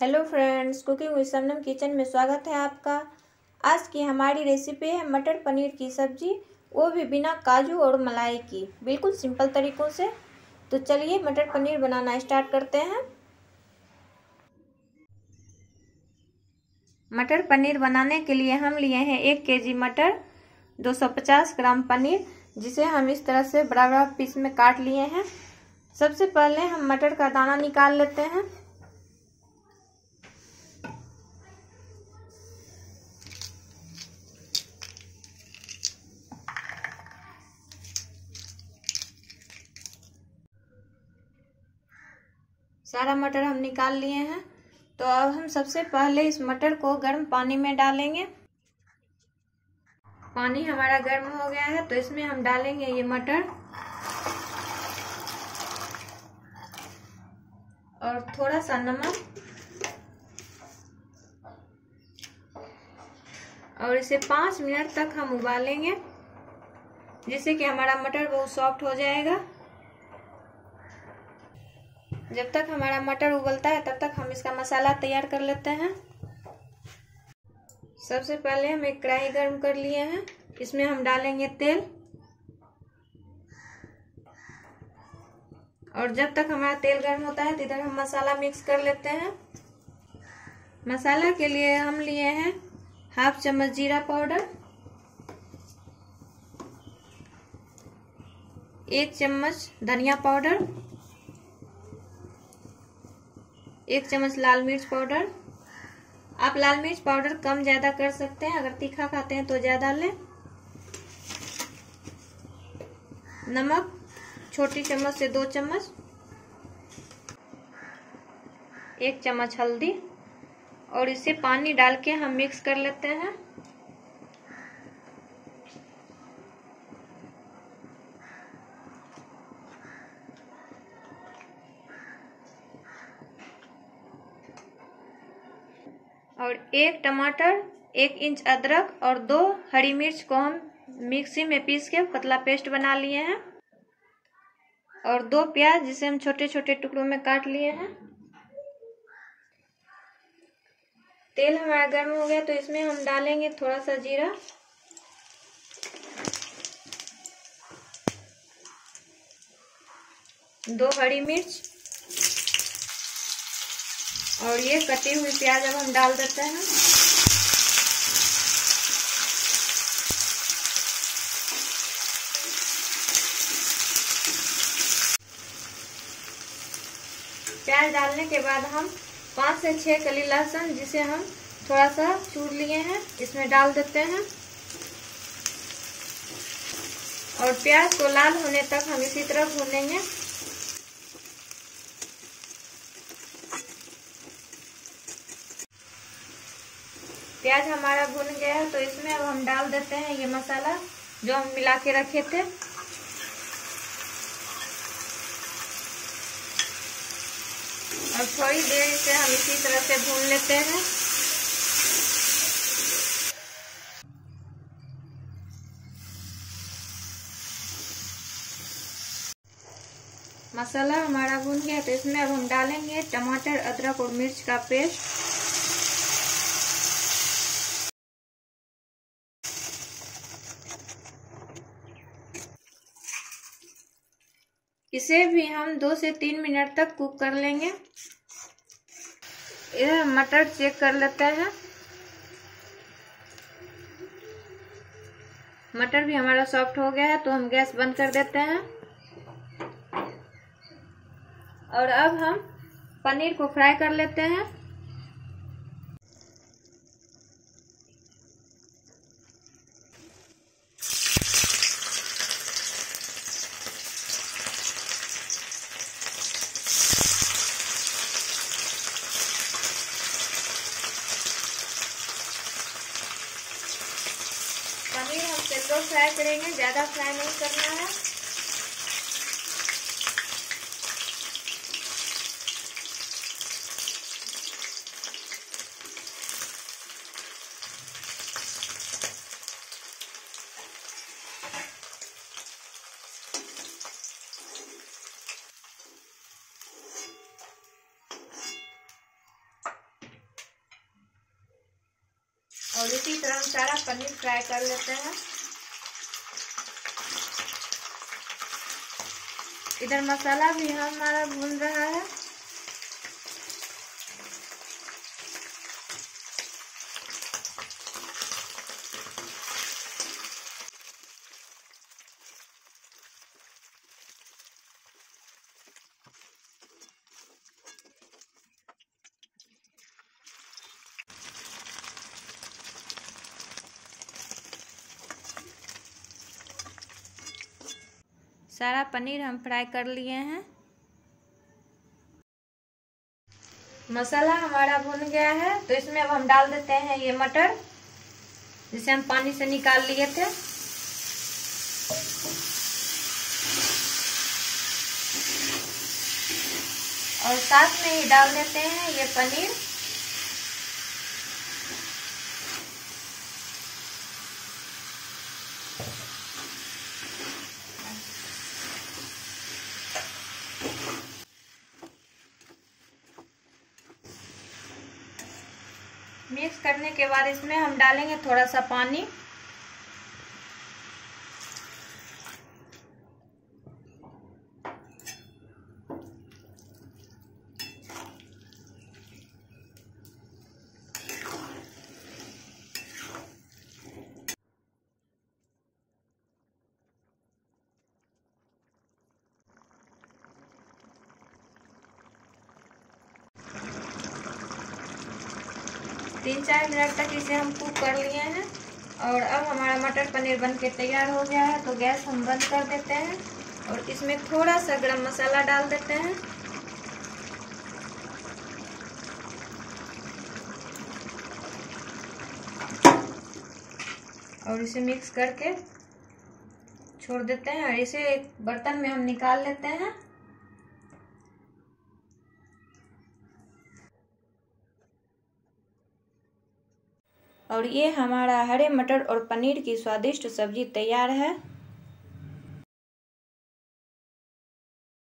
hello friends cooking with समनम kitchen में स्वागत है आपका आज की हमारी रेसिपी है मटर पनीर की सब्ज़ी वो भी बिना काजू और मलाई की बिल्कुल सिंपल तरीक़ों से तो चलिए मटर पनीर बनाना स्टार्ट करते हैं मटर पनीर बनाने के लिए हम लिए हैं एक केजी मटर 250 ग्राम पनीर जिसे हम इस तरह से बड़ा बड़ा पीस में काट लिए हैं सबसे पहले हम मटर का दाना निकाल लेते हैं सारा मटर हम निकाल लिए हैं तो अब हम सबसे पहले इस मटर को गर्म पानी में डालेंगे पानी हमारा गर्म हो गया है तो इसमें हम डालेंगे ये मटर और थोड़ा सा नमक और इसे पाँच मिनट तक हम उबालेंगे जिससे कि हमारा मटर बहुत सॉफ्ट हो जाएगा जब तक हमारा मटर उबलता है तब तक हम इसका मसाला तैयार कर लेते हैं सबसे पहले हम एक कढ़ाई गर्म कर लिए हैं इसमें हम डालेंगे तेल और जब तक हमारा तेल गर्म होता है तो इधर हम मसाला मिक्स कर लेते हैं मसाला के लिए हम लिए हैं हाफ चम्मच जीरा पाउडर एक चम्मच धनिया पाउडर एक चम्मच लाल मिर्च पाउडर आप लाल मिर्च पाउडर कम ज़्यादा कर सकते हैं अगर तीखा खाते हैं तो ज़्यादा लें नमक छोटी चम्मच से दो चम्मच एक चम्मच हल्दी और इसे पानी डाल के हम मिक्स कर लेते हैं और एक टमाटर एक इंच अदरक और दो हरी मिर्च को हम मिक्सी में पीस के पतला पेस्ट बना लिए हैं और दो प्याज जिसे हम छोटे छोटे टुकड़ों में काट लिए हैं तेल हमारा गर्म हो गया तो इसमें हम डालेंगे थोड़ा सा जीरा दो हरी मिर्च और ये कटे हुई प्याज अब हम डाल देते हैं प्याज डालने के बाद हम पाँच से छह कली लहसुन जिसे हम थोड़ा सा चूर लिए हैं इसमें डाल देते हैं और प्याज को लाल होने तक हम इसी तरह भूनेंगे प्याज हमारा भुन गया है तो इसमें अब हम डाल देते हैं ये मसाला जो हम मिला के रखे थे और थोड़ी देर से हम इसी तरह से भून लेते हैं मसाला हमारा भून गया तो इसमें अब हम डालेंगे टमाटर अदरक और मिर्च का पेस्ट इसे भी हम दो से तीन मिनट तक कुक कर लेंगे यह मटर चेक कर लेते हैं मटर भी हमारा सॉफ्ट हो गया है तो हम गैस बंद कर देते हैं और अब हम पनीर को फ्राई कर लेते हैं फ्राई करेंगे ज़्यादा फ्राई नहीं करना है और इसी तरह हम सारा पनीर फ्राई कर लेते हैं इधर मसाला भी हमारा भून रहा है सारा पनीर हम फ्राई कर लिए हैं मसाला हमारा भुन गया है तो इसमें अब हम डाल देते हैं ये मटर जिसे हम पानी से निकाल लिए थे और साथ में ही डाल देते हैं ये पनीर मिक्स करने के बाद इसमें हम डालेंगे थोड़ा सा पानी तीन चार मिनट तक इसे हम कुक कर लिए हैं और अब हमारा मटर पनीर बन के तैयार हो गया है तो गैस हम बंद कर देते हैं और इसमें थोड़ा सा गरम मसाला डाल देते हैं और इसे मिक्स करके छोड़ देते हैं और इसे एक बर्तन में हम निकाल लेते हैं और ये हमारा हरे मटर और पनीर की स्वादिष्ट सब्जी तैयार है